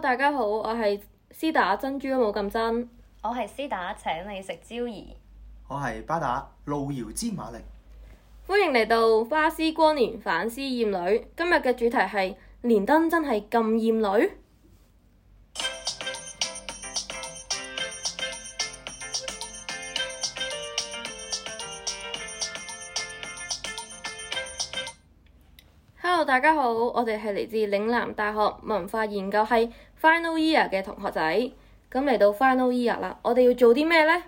大家好，我係絲打珍珠都冇咁真，我係絲打請你食蕉兒，我係巴打路遙知馬力，歡迎嚟到花絲光年反思厭女，今日嘅主題係連登真係咁厭女？大家好，我哋係嚟自嶺南大學文化研究系 final year 嘅同學仔，咁嚟到 final year 啦，我哋要做啲咩呢？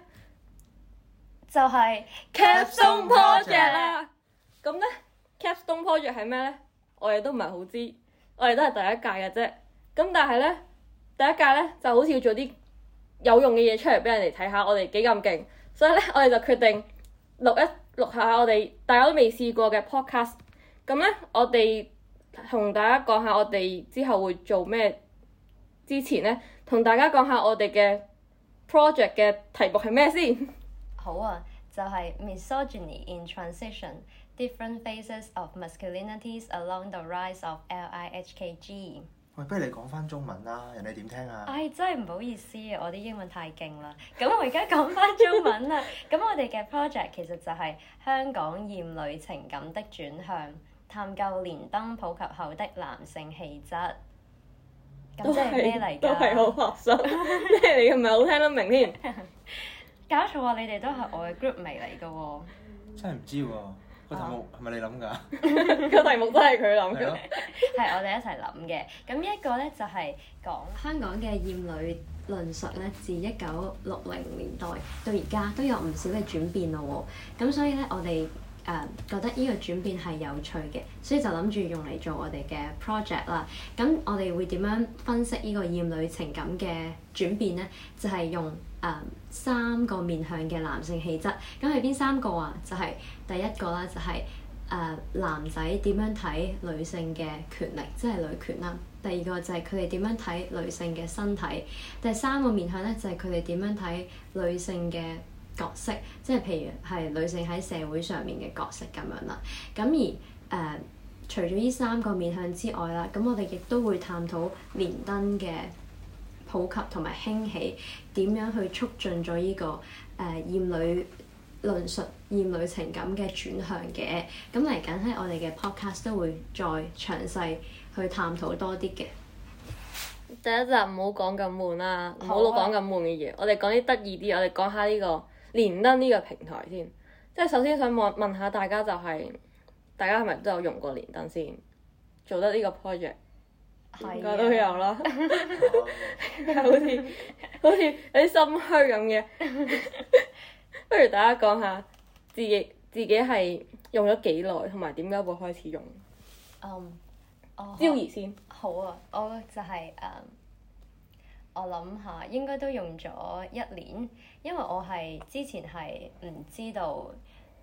就係 Capstone Project 啦 Cap。咁呢，Capstone Project 係咩呢？我哋都唔係好知，我哋都係第一屆嘅啫。咁但係呢，第一屆呢就好似要做啲有用嘅嘢出嚟俾人哋睇下，我哋幾咁勁。所以呢，我哋就決定錄一錄下我哋大家都未試過嘅 podcast。咁呢，我哋。同大家講下我哋之後會做咩之前呢，同大家講下我哋嘅 project 嘅題目係咩先。好啊，就係、是、Misogyny in Transition，Different Phases of Masculinities Along the Rise of LIHKG。喂，不如你講返中文啦，人哋點聽啊？唉、哎，真係唔好意思、啊，我啲英文太勁啦。咁我而家講返中文啦。咁 我哋嘅 project 其實就係香港厭女情感的轉向。探究連登普及後的男性氣質，咁即係咩嚟㗎？都係好學術，咩嚟㗎？唔係好聽得明添？ 搞錯啊！你哋都係我嘅 group member 嚟㗎喎。真係唔知喎、啊，個題目係咪你諗㗎？個題目都係佢諗嘅，係我哋一齊諗嘅。咁呢一個咧就係講香港嘅厭女論述咧，自一九六零年代到而家都有唔少嘅轉變咯。咁所以咧，我哋誒覺得呢個轉變係有趣嘅，所以就諗住用嚟做我哋嘅 project 啦。咁我哋會點樣分析呢個厭女情感嘅轉變呢？就係、是、用誒、嗯、三個面向嘅男性氣質。咁係邊三個啊？就係、是、第一個啦，就係誒男仔點樣睇女性嘅權力，即、就、係、是、女權啦。第二個就係佢哋點樣睇女性嘅身體。第三個面向呢，就係佢哋點樣睇女性嘅角色，即係譬如係女性喺社會上面嘅角色咁樣啦。咁而誒、呃，除咗呢三個面向之外啦，咁我哋亦都會探討連登嘅普及同埋興起，點樣去促進咗呢、呢個誒厭、呃、女論述、厭女情感嘅轉向嘅。咁嚟緊喺我哋嘅 podcast 都會再詳細去探討多啲嘅。第一集唔好講咁悶啊，好老講咁悶嘅嘢，我哋講啲得意啲，我哋講下呢、呢個連登呢個平台先，即係首先想問問下大家、就是，就係大家係咪都有用過連登先，做得呢個 project？係。應該都有啦， 好似好似有啲心虛咁嘅。 不如大家講下自己自己係用咗幾耐，同埋點解會開始用？嗯、um,，招兒先。好啊，我就係、是、嗯。Um, 我諗下，應該都用咗一年，因為我係之前係唔知道，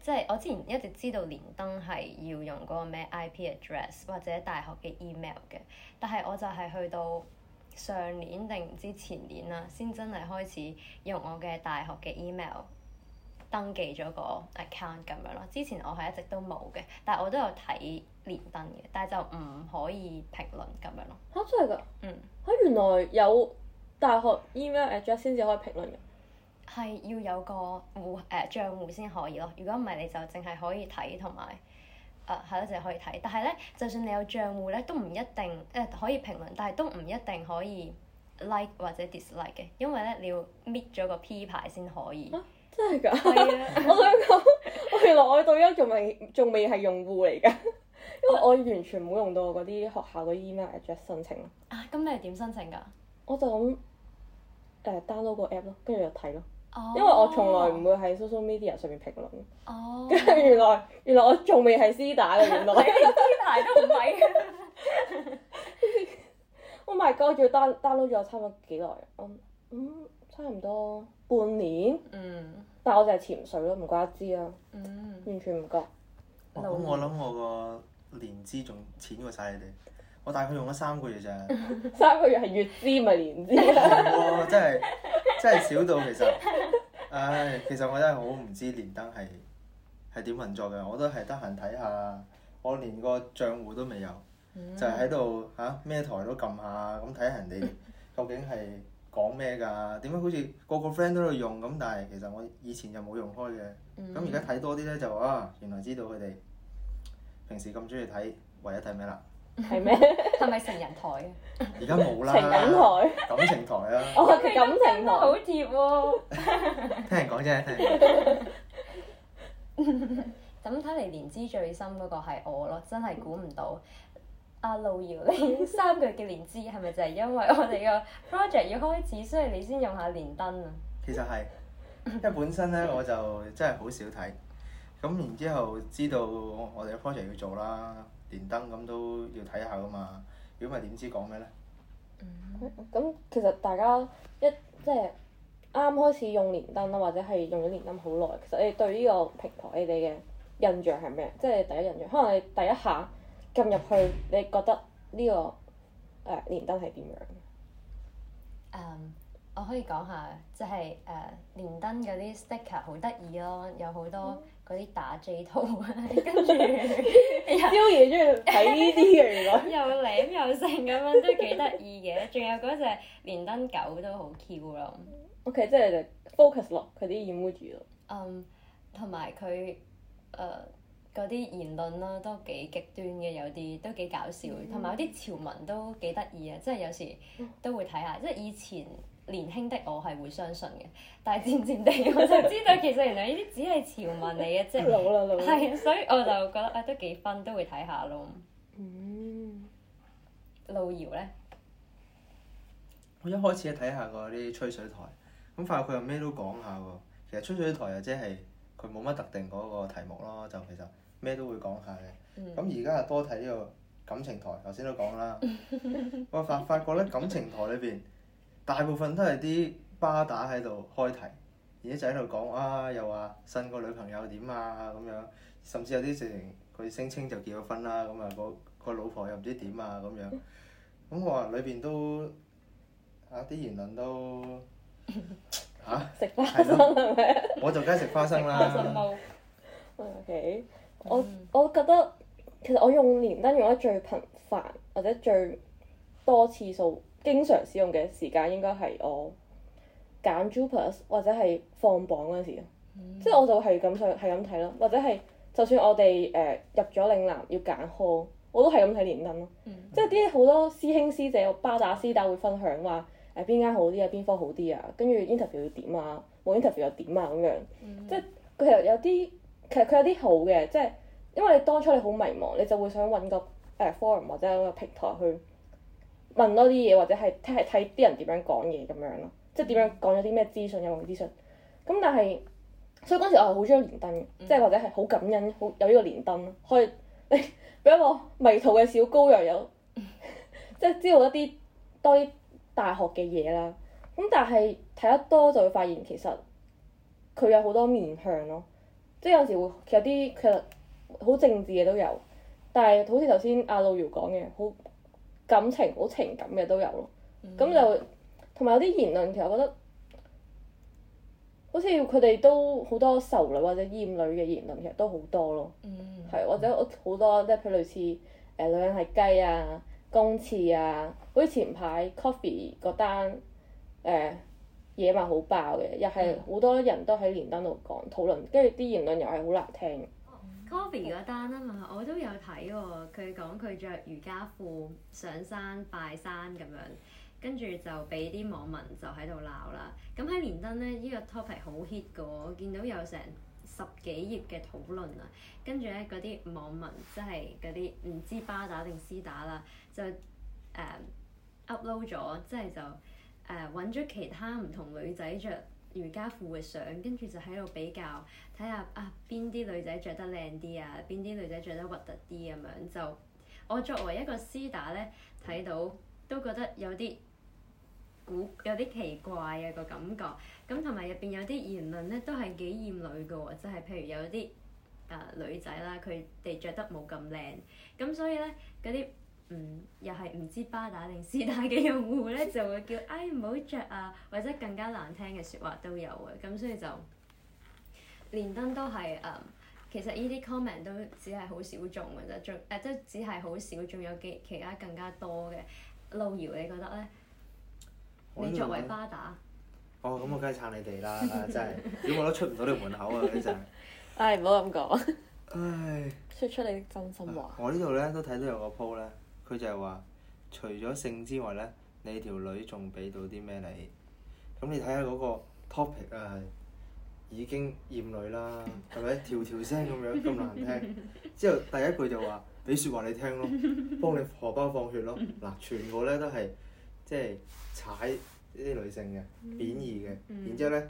即係我之前一直知道連登係要用嗰個咩 IP address 或者大學嘅 email 嘅，但係我就係去到上年定唔知前年啦，先真係開始用我嘅大學嘅 email 登記咗個 account 咁樣咯。之前我係一直都冇嘅，但係我都有睇連登嘅，但係就唔可以評論咁樣咯。嚇、啊！真係㗎，嗯嚇，原來有。大學 email address 先至可以評論嘅，係要有個戶誒賬戶先可以咯。如果唔係，你就淨係可以睇同埋，誒係咯，淨、呃、係、嗯、可以睇。但係咧，就算你有賬戶咧，都唔一定誒、呃、可以評論，但係都唔一定可以 like 或者 dislike 嘅，因為咧你要搣咗個 P 牌先可以。啊、真係㗎？我想講， 我原來我到而家仲未，仲未係用戶嚟㗎，因為我完全冇用到嗰啲學校嘅 email address 申請。啊，咁你係點申請㗎？我就諗。誒、uh, download 個 app 咯，跟住又睇咯。因為我從來唔會喺 social media 上面評論。哦。跟住原來原來我仲未係絲打嘅，原來。你絲打都唔係啊！Oh my god！仲要 download 咗差唔多幾耐啊？嗯嗯，差唔多半年。Mm. 怪怪 mm. oh, 哦、嗯。但係我就係潛水咯，唔怪得知啊。嗯。完全唔覺。咁我諗我個年資仲淺過晒你哋。我大概用咗三個月咋， 三個月係月資咪年資 真係真係少到其實，唉、哎，其實我真係好唔知連登係係點運作嘅。我都係得閒睇下，我連個賬戶都未有，嗯、就係喺度嚇咩台都撳下咁睇下人哋究竟係講咩㗎？點解好似個個 friend 都度用咁，但係其實我以前就冇用開嘅。咁而家睇多啲咧，就啊原來知道佢哋平時咁中意睇，唯一睇咩啦～係咩？係咪 成人台嘅？而家冇啦。情人台，感情台啊！哦，佢 感情台好貼喎。聽人講啫，聽人講。咁睇嚟，連資最深嗰個係我咯，真係估唔到。阿路遙，你三個月嘅連資係咪就係因為我哋個 project 要開始，所以你先用下連登啊？ 其實係，因為本身咧我就真係好少睇，咁然之後，後知道我哋個 project 要做啦。連登咁都要睇下噶嘛，如果唔係點知講咩咧？咁、嗯、其實大家一即係啱啱開始用連登啦，或者係用咗連登好耐，其實你對呢個平台你哋嘅印象係咩？即、就、係、是、第一印象，可能你第一下撳入去，你覺得呢、這個誒、呃、連登係點樣？誒，um, 我可以講下，即係誒連登嗰啲 sticker 好得意咯，有好多。嗯。嗰啲打 J 圖啊，跟住 Joey 中意睇呢啲嘅原來，又舐又剩咁樣都幾得意嘅，仲有嗰隻連登狗都好 Q 咯。OK，即係就 focus 落佢啲 emoji 咯。嗯，同埋佢誒嗰啲言論啦，都幾極端嘅，有啲都幾搞笑，同埋有啲潮文都幾得意啊！即係有時都會睇下，即係以前。年輕的我係會相信嘅，但係漸漸地我就知道，其實原來呢啲只係潮文嚟嘅，即係係，所以我就覺得啊，都幾 fun，都會睇下咯。嗯，路遙咧，我一開始咧睇下嗰啲吹水台，咁發覺佢又咩都講下喎。其實吹水台又即係佢冇乜特定嗰個題目咯，就其實咩都會講下嘅。咁而家就多睇呢個感情台，頭先都講啦。我發 發覺咧，感情台裏邊。大部分都係啲巴打喺度開題，而家就喺度講啊，又話新個女朋友點啊咁樣，甚至有啲事情，佢聲稱就結咗婚啦，咁啊、個、個老婆又唔知點啊咁樣，咁我話裏邊都啊啲言論都嚇食、啊、 花生係咪？吧 我就梗係食花生啦。 o、okay. K，我我覺得其實我用連登用得最頻繁或者最多次數。經常使用嘅時間應該係我揀 Jupas 或者係放榜嗰陣時，嗯、即係我就係咁想係咁睇咯，或者係就算我哋誒、呃、入咗嶺南要揀科，我都係咁睇連登咯。嗯、即係啲好多師兄師姐，我巴打絲打會分享話誒邊間好啲啊，邊、呃啊、科好啲啊，跟住 interview 要點啊，冇 interview 又點啊咁樣。嗯、即係佢又有啲其實佢有啲好嘅，即係因為當初你好迷茫，你就會想揾個 forum、呃呃、或者一個平台去。問多啲嘢或者係睇係睇啲人點樣講嘢咁樣咯，即係點樣講咗啲咩資訊，有冇資訊。咁但係，所以嗰時我係好中意連登即係、嗯、或者係好感恩好有呢個連登，可以你俾一個迷途嘅小羔羊有，即係、嗯、 知道一啲多啲大學嘅嘢啦。咁但係睇得多就會發現其實佢有好多面向咯，即係有時會有啲其實好政治嘅都有，但係好似頭先阿路遙講嘅好感情好情感嘅都有咯，咁、嗯、就同埋有啲言論，其實我覺得好似佢哋都好多仇女或者厭女嘅言論，其實都好多咯，係、嗯嗯、或者好多，即係譬如類似誒、呃、女人係雞啊、公廁啊，好似前排 Coffee 嗰單誒、呃、野文好爆嘅，又係好多人都喺連登度講討論，跟住啲言論又係好難聽。Kobe 嗰單啊嘛，我都有睇喎。佢講佢着瑜伽褲上山拜山咁樣，跟住就俾啲網民就喺度鬧啦。咁喺連登咧，呢、呢個 topic 好 hit 嘅，我見到有成十幾頁嘅討論啊。跟住咧，嗰啲網民即係嗰啲唔知巴打定私打啦，就誒、uh, upload 咗，即係就誒揾咗其他唔同女仔着。瑜伽褲嘅相，跟住就喺度比較，睇下啊邊啲女仔着得靚啲啊，邊啲女仔着得核突啲咁樣。就我作為一個絲打咧，睇到都覺得有啲古，有啲奇怪啊個感覺，咁同埋入邊有啲言論咧都係幾厭女嘅喎，即係譬如有啲啊女仔啦，佢哋着得冇咁靚，咁所以咧嗰啲。嗯，又係唔知巴打定是但嘅用戶咧，就會叫，唉，唔好着啊，或者更加難聽嘅説話都有啊，咁所以就連登都係誒、呃，其實呢啲 comment 都只係好小眾嘅啫，仲誒即只係好、呃、小眾，有幾其他更加多嘅路搖，你覺得咧？你作為巴打，哦，咁我梗係撐你哋啦， 真係，如果我都出唔到你門口啊，你真係。唉，唔好咁講。説唉出，出你真心話。我呢度咧都睇到有個 po 咧。佢就係話，除咗性之外咧，你條女仲俾到啲咩你？咁你睇下嗰個 topic 啊，已經厭女啦，係咪？條條聲咁樣咁難聽。 之後第一句就話俾説話你聽咯，幫你荷包放血咯，嗱，全部咧都係即係踩呢啲女性嘅貶義嘅，然之後咧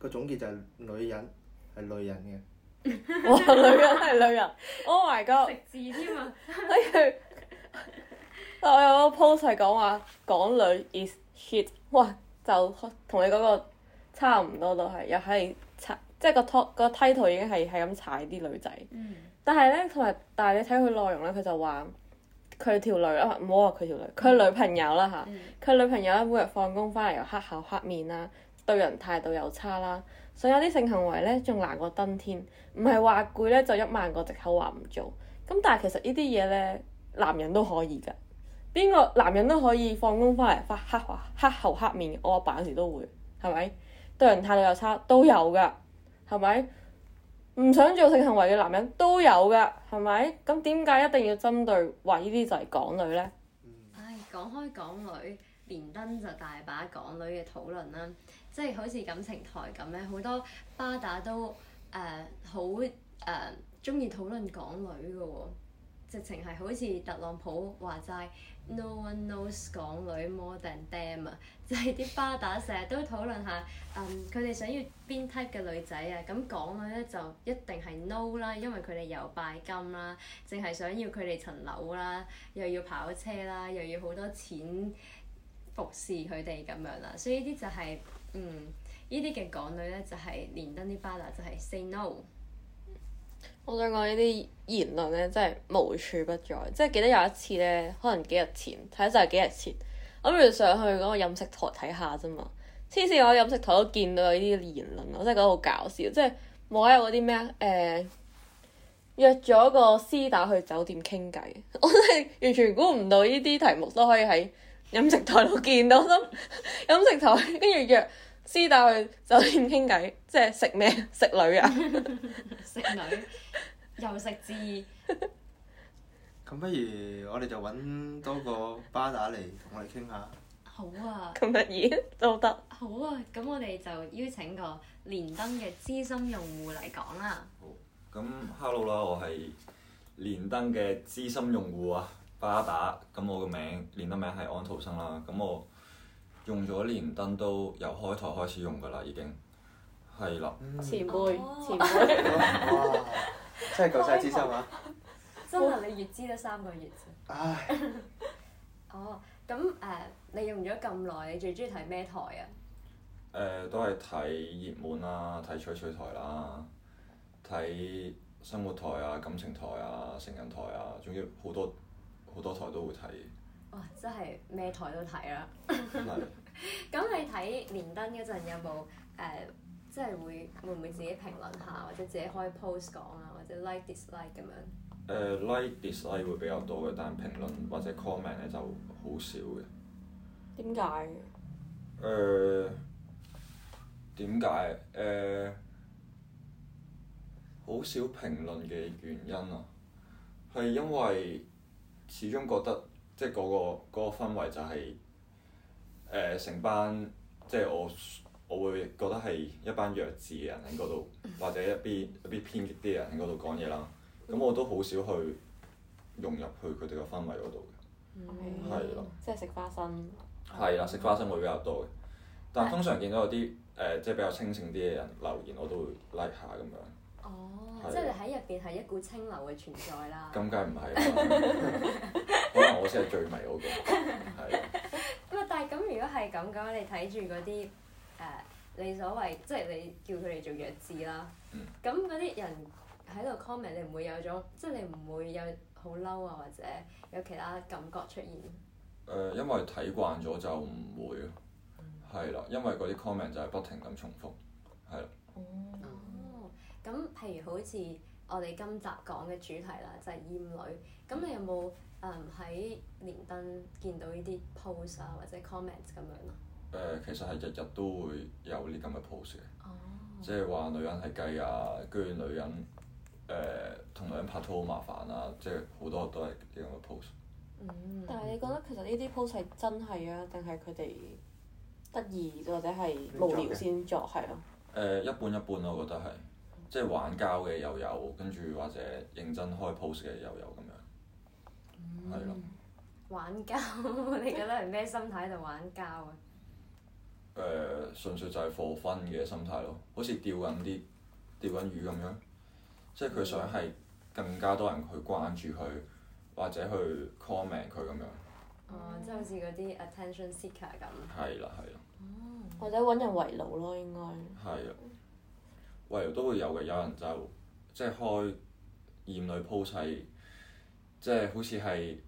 個總結就係女人係女人嘅。哇！女人係女人。Oh my god 食字添啊，喺佢。 Oh 我有個 post 係講話港女 is shit 哇！就同你嗰個差唔多都係，又係踩，即係個 top 個 title 已經係係咁踩啲女仔，嗯。但係咧，同埋但係你睇佢內容咧，佢就話佢條女啊，唔好話佢條女，佢女，女朋友啦嚇，佢、嗯、女朋友每日放工翻嚟又黑口黑，黑面啦，對人態度又差啦，所以有啲性行為咧，仲難過登天，唔係話攰咧，就一萬個藉口話唔做。咁但係其實呢啲嘢咧～男人都可以噶，邊個男人都可以放工翻嚟發黑話黑口黑面，我阿爸有時都會，係咪？對人態度又差都有噶，係咪？唔想做性行為嘅男人都有噶，係咪？咁點解一定要針對話呢啲就係港女呢？唉、哎，講開港女，連登就大把港女嘅討論啦，即係好似感情台咁咧，好多巴打都誒、呃、好誒中意討論港女嘅喎。直情係好似特朗普話齋，No one knows 港女 more than them 啊！就係啲巴打成日都討論下，嗯，佢哋想要邊 type 嘅女仔啊？咁港女咧就一定係 no 啦，因為佢哋有拜金啦，淨係想要佢哋層樓啦，又要跑車啦，又要好多錢服侍佢哋咁樣啦。所以呢啲就係、是，嗯，呢啲嘅港女咧就係、是、連登啲巴打就係 say no。我想講呢啲言論咧，真係無處不在。即係記得有一次咧，可能幾日前，睇就係、是、幾日前，我咪上去嗰個飲食台睇下啫嘛。黐線，我飲食台都見到有呢啲言論，我真係覺得好搞笑。即係冇有嗰啲咩啊？誒、呃，約咗個絲打去酒店傾偈， 我真係完全估唔到呢啲題目都可以喺飲食台度見到。 飲食台跟住約。知道酒店傾偈，即係食咩？食女啊！食 女，又食字。咁 不如我哋就揾多個巴打嚟同我哋傾下。好啊！咁得意都得。好啊！咁我哋就邀請個連登嘅資深用戶嚟講啦。好，咁 hello 啦，我係連登嘅資深用戶啊，巴打。咁我個名，連登名係安徒生啦。咁我。用咗連登都由開台開始用㗎喇，已經係啦。嗯、前輩，哦、前輩， 哇！即係夠晒資深啊！真係你月資得三個月啫。唉。 哦，咁誒，uh, 你用咗咁耐，你最鍾意睇咩台啊？誒 、呃，都係睇熱門啦，睇吹水台啦，睇生活台啊，感情台啊，成人台啊，總之好多好多台都會睇。哇！真係咩台都睇啦。咁 你睇連登嗰陣有冇誒？即、呃、係會會唔會自己評論下，或者自己開 post 講啊，或者 like dislike 咁樣？誒、呃、like dislike 會比較多嘅，但係評論或者 comment 咧就好少嘅。點解？誒點解誒？好、呃、少評論嘅原因啊，係因為始終覺得。即係、嗰、嗰個嗰、嗰個氛圍就係誒成班，即係我我會覺得係一班弱智嘅人喺嗰度， 或者一啲一啲偏激啲嘅人喺嗰度講嘢啦。咁、嗯、我都好少去融入去佢哋個氛圍嗰度嘅，係咯、嗯。的即係食花生。係啊，食花生會比較多嘅，但係通常見到有啲誒即係比較清醒啲嘅人留言，我都會 like 下咁樣。哦，oh, 即係你喺入邊係一股清流嘅存在啦。咁梗唔係？ 可能我先係最迷嗰個。係。咁啊，但係咁如果係咁嘅話，你睇住嗰啲誒，uh, 你所謂即係你叫佢哋做弱智啦。咁嗰啲人喺度 comment，你唔會有種即係你唔會有好嬲啊，或者有其他感覺出現。誒、呃，因為睇慣咗就唔會，係啦、嗯，因為嗰啲 comment 就係不停咁重複，係啦。嗯嗯。咁，譬如好似我哋今集講嘅主題啦，就係、是、厭女。咁你有冇誒喺連登見到呢啲 post 啊，或者 comments 咁樣咯？誒，其實係日日都會有呢咁嘅 post 嘅，即係話女人係雞啊，居然女人誒同、呃、女人拍拖好麻煩啊！即係好多都係呢咁嘅 post。嗯，但係你覺得其實呢啲 post 係真係啊，定係佢哋得意或者係無聊先作係咯？誒對、呃，一半一半我覺得係。即係玩交嘅又有，跟住或者認真開 post 嘅又有咁樣，係咯。玩交，你覺得係咩心態喺度玩交啊？誒、呃，純粹就係 for fun 嘅心態咯，好似釣緊啲釣緊魚咁樣，即係佢想係更加多人去關注佢，或者去 comment 佢咁樣。哦，即係好似嗰啲 attention seeker 咁。係啦、嗯，係啦。或者揾人圍爐咯，應該。係啊。喂，都會有嘅，有人就即係開厭女 po 勢，即係好似係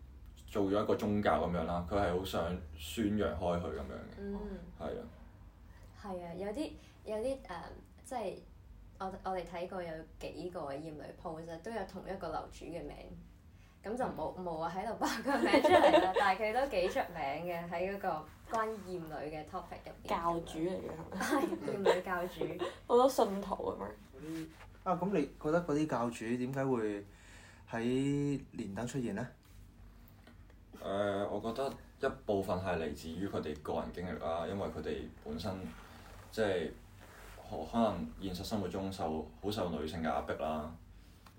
做咗一個宗教咁樣啦，佢係好想宣揚開去咁樣嘅。係、嗯、啊，係啊，有啲有啲誒、呃，即係我我哋睇過有幾個厭女 po 就都有同一個樓主嘅名。咁、嗯、就冇冇啊喺度爆個名出嚟啦，但係佢都幾出名嘅，喺嗰個關於厭女嘅 topic 入邊。教主嚟嘅。係、 哎，厭女教主， 好多信徒啊嘛。嗯、啊，咁你覺得嗰啲教主點解會喺連登出現呢？誒、呃，我覺得一部分係嚟自於佢哋個人經歷啦、啊，因為佢哋本身即係可可能現實生活中受好受女性嘅壓迫啦、啊。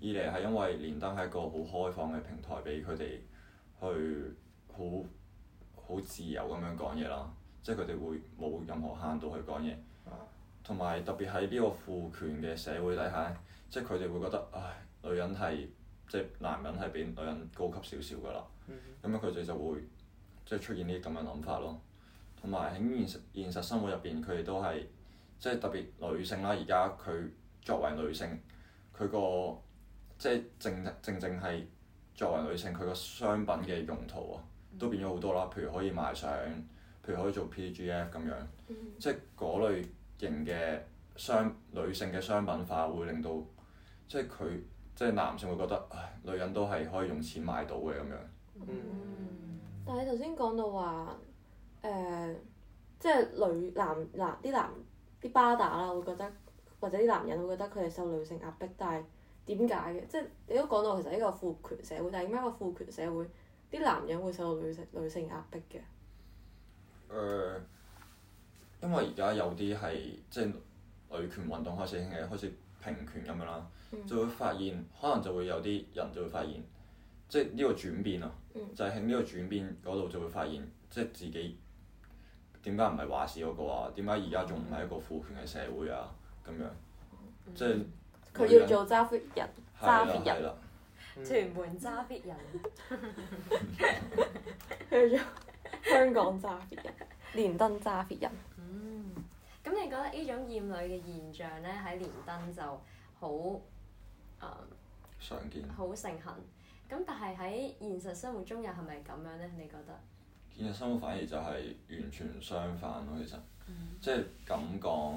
二嚟係因為連登係一個好開放嘅平台，俾佢哋去好好自由咁樣講嘢啦，即係佢哋會冇任何限度去講嘢。同埋特別喺呢個父權嘅社會底下，即係佢哋會覺得，唉，女人係即係男人係比女人高級少少㗎啦。咁、mm hmm. 樣佢哋就會即係出現呢啲咁樣諗法咯。同埋喺現實現實生活入邊，佢哋都係即係特別女性啦。而家佢作為女性，佢個。即係正正正係作為女性，佢個商品嘅用途啊，都變咗好多啦。譬如可以賣相，譬如可以做 PGF 咁樣，即係嗰類型嘅商女性嘅商品化會令到即係佢即係男性會覺得，唉，女人都係可以用錢買到嘅咁樣。嗯嗯，但係你頭先講到話，誒、呃，即、就、係、是、女男男啲男啲巴打啦，我會覺得或者啲男人會覺得佢係受女性壓迫，但係。點解嘅？即係、就是、你都講到其實呢個父權社會，但係點解個父權社會啲男人會受到女性女性壓迫嘅？誒、呃，因為而家有啲係即係女權運動開始興起，開始平權咁樣啦，嗯、就會發現可能就會有啲人就會發現，即係呢個轉變啊，嗯、就係喺呢個轉變嗰度就會發現，即、就、係、是、自己點解唔係話事嗰個啊？點解而家仲唔係一個父權嘅社會啊？咁樣即係。嗯就是佢要做揸 fit 人，揸 fit 的人，屯門揸 fit 人， 去咗香港揸 fit 人，連 登揸 fit 人，嗯。嗯，咁你覺得呢種厭女嘅現象咧，喺連登就好誒常見，好盛行。咁但係喺現實生活中又係咪咁樣咧？你覺得現實生活反而就係完全相反咯，其實、嗯呃，即係咁講，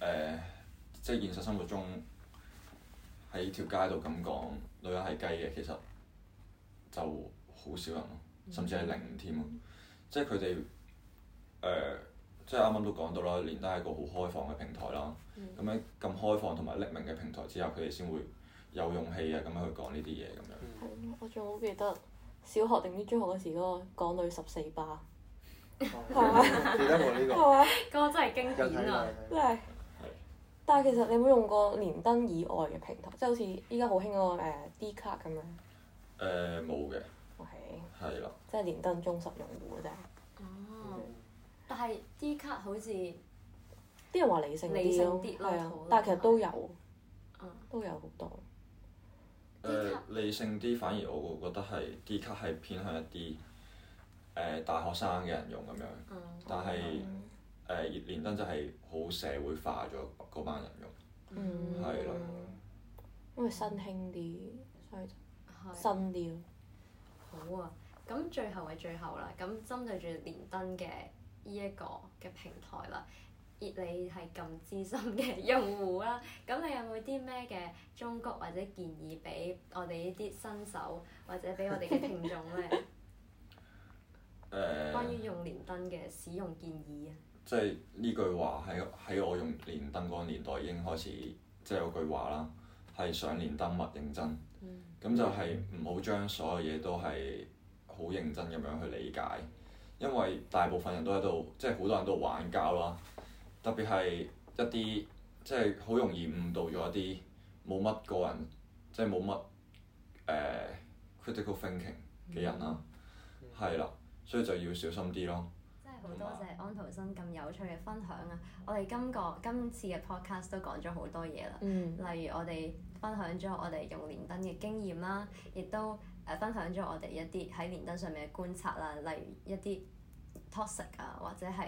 誒，即係現實生活中。喺條街度咁講，女人係雞嘅，其實就好少人咯，甚至係零添啊！即係佢哋誒，即係啱啱都講到啦，連登係一個好開放嘅平台啦。咁樣咁開放同埋匿名嘅平台之後，佢哋先會有勇氣啊咁去講呢啲嘢咁樣。我仲好記得小學定啲中學嗰時嗰個港女十四吧，係咪？記得我呢個。嗰個真係經典啊！真係。但係其實你有冇用過連登以外嘅平台？即係好似依家好興嗰個誒 D 卡咁樣。誒冇嘅。係。係咯。即係連登忠實用戶嘅啫。哦。但係 D 卡好似啲人話理性啲咯，係啊，但係其實都有。都有好多。誒理性啲，反而我會覺得係 D 卡係偏向一啲誒大學生嘅人用咁樣。但係。誒連登真係好社會化咗嗰班人用，係咯、嗯，因為了、嗯、新興啲，所以就新啲。啊好啊！咁最後嘅最後啦，咁針對住連登嘅呢一個嘅平台啦，而你係咁資深嘅用戶啦，咁你有冇啲咩嘅忠告或者建議俾我哋呢啲新手或者俾我哋嘅聽眾咧？ 關於用連登嘅使用建議啊！即係呢句話喺喺我用連登嗰個年代已經開始，即係有句話啦，係上連登勿認真。咁、嗯、就係唔好將所有嘢都係好認真咁樣去理解，因為大部分人都喺度，即係好多人都玩交啦。特別係一啲即係好容易誤導咗一啲冇乜個人，即係冇乜、uh, critical thinking 嘅人啦，係啦、嗯的，所以就要小心啲咯。好多謝安徒生咁有趣嘅分享啊！我哋今個今次嘅 podcast 都講咗好多嘢啦，嗯、例如我哋分享咗我哋用連登嘅經驗啦、啊，亦都誒分享咗我哋一啲喺連登上面嘅觀察啦、啊，例如一啲 toxic 啊，或者係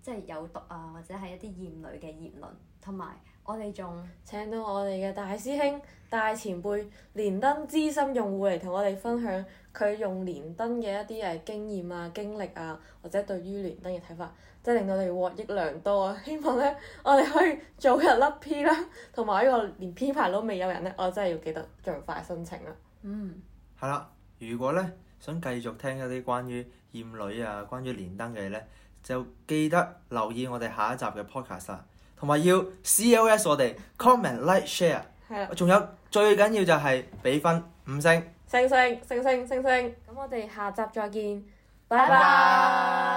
即係有毒啊，或者係一啲厭女嘅言論，同埋我哋仲請到我哋嘅大師兄、大前輩、連登資深用戶嚟同我哋分享。佢用連登嘅一啲誒經驗啊、經歷啊，或者對於連登嘅睇法，即係令到你哋獲益良多啊！希望咧，我哋可以早日甩 P 啦，同埋呢個連 P 牌都未有人咧，我真係要記得盡快申請啦。嗯，係啦，如果咧想繼續聽一啲關於厭女啊、關於連登嘅嘢咧，就記得留意我哋下一集嘅 podcast，同埋要 CLS 我哋 comment、like、share，係啦。仲有最緊要就係俾分五星。星星星星星星，咁我哋下集再見，拜拜 bye。Bye bye。